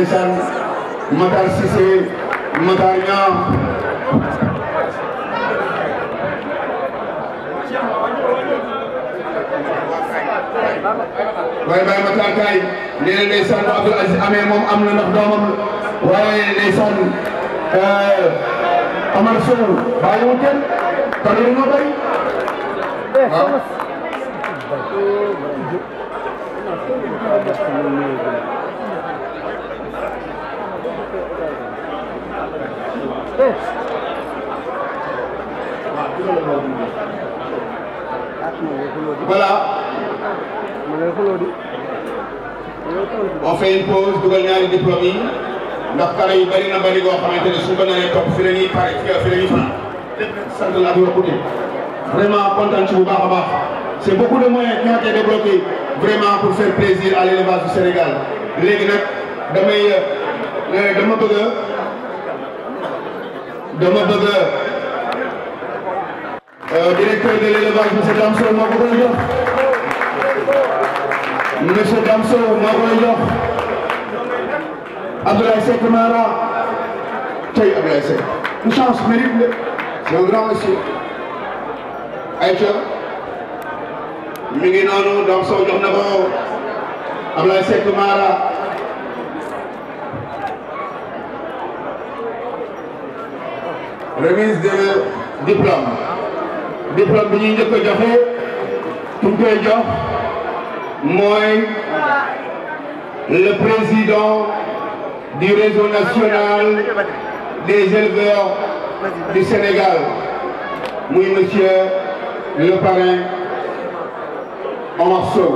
ndeysaan Matar Cissé Matar Niang waaye Baye Matar Kaay nee na ndeysaan Abdou Aziz amee moom am na ndax doomam waaye ndeysaan euh, Amar Sow bàyyiwul kenn tànn lu ma bëri waaw this? Voilà. On fait une pause dugal ñaari diplôme yi ndax pare yu bëri na bëri boo xamante ne su ko fi la fi sant la bi vraiment kontaan ci bu baax a baax c' est beaucoup de moyens qui ont été vraiment pour faire plaisir à l' du Sénégal léegi nag damay euh, euh, dama bëgg dama bëgg euh, directeur de l'élevage monsieur Damso maa ko koy jox monsieur Damso maa koy jox Abdoulaye Seck Mara tey Abdoulaye Seck une chance mérite la c'est un grand monsieur Aïcha mi ngi noonu Damso jox na ko Abdoulaye Seck Mara remise de diplôme diplôme bi ñuy njëkk joxe pour mooy le président du réseau national des éleveurs du Sénégal muy monsieur le parrain Omar Sow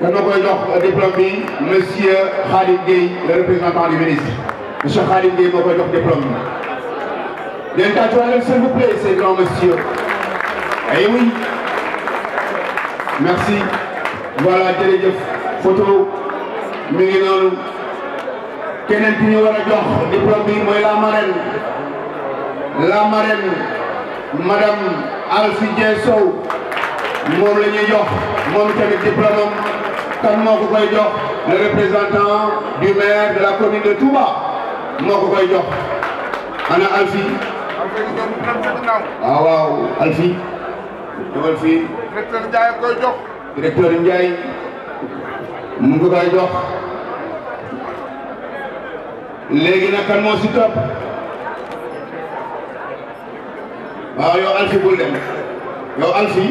dana koy jox diplôme bi monsieur Khalid le représentant du ministre monsieur Khalid Gueye jox diplôme leen tatoaleen s'il vous plaît ces grands messieurs ay eh oui merci voilà jërëjëf photo mi ngi noonu keneen ki ñu war a jox diplôme bi mooy la marraine la marraine madame Alfi Dieng moom la ñuy jox moom tamit diplôme am moo ko koy jox le représentant du maire de la commune de Touba moo ko koy jox ana Alfi waaw ah, waaw Alfi. ñëwal fii. koy jox. directeur Ndiaye. mu koy jox. léegi nag kan moo si topp. waaw yow Alfi bul dem yow Alfi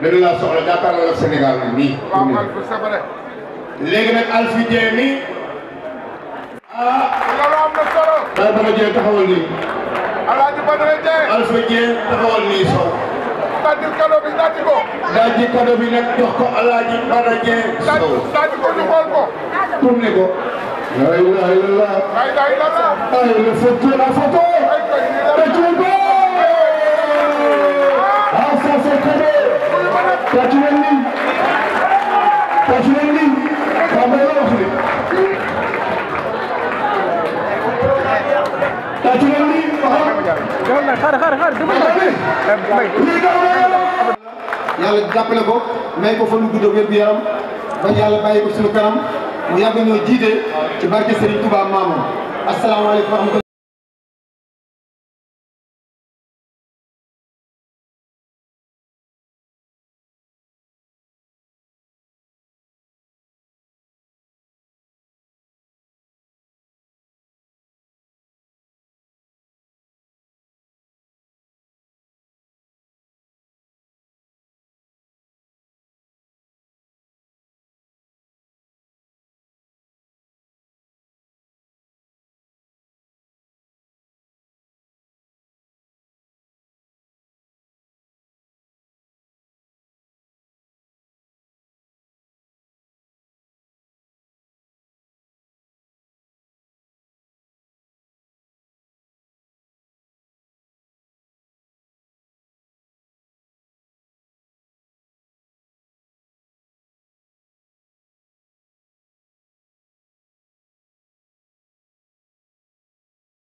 dañu laa soxla jàkkaarloo ak Sénégal nag nii. waaw man bu Alfi Dieng nii. ah. loolu na solo. daal ba ma jël nii. alaaji Badara Dieng. Alpha Dieng taxawal nii sow. daaji kado bi daaji ko. daaji kado bi nag jox ko alaaji Badara Dieng. sow daaji ko ñu xool ko. tourné ko. la ilaha illallah. la ilaha illallah. ay le photo la photo. tàccu ko. ah ça c'est cadeau. tàccu yàlla jàppale ko may ko fa lu gudd wér gu yaram ba yàlla bàyyi ko suñu kanam mu yàgg ñoo jiite ci barke Serigne Touba Mamoun asalaamaaleykum wa rahmatulah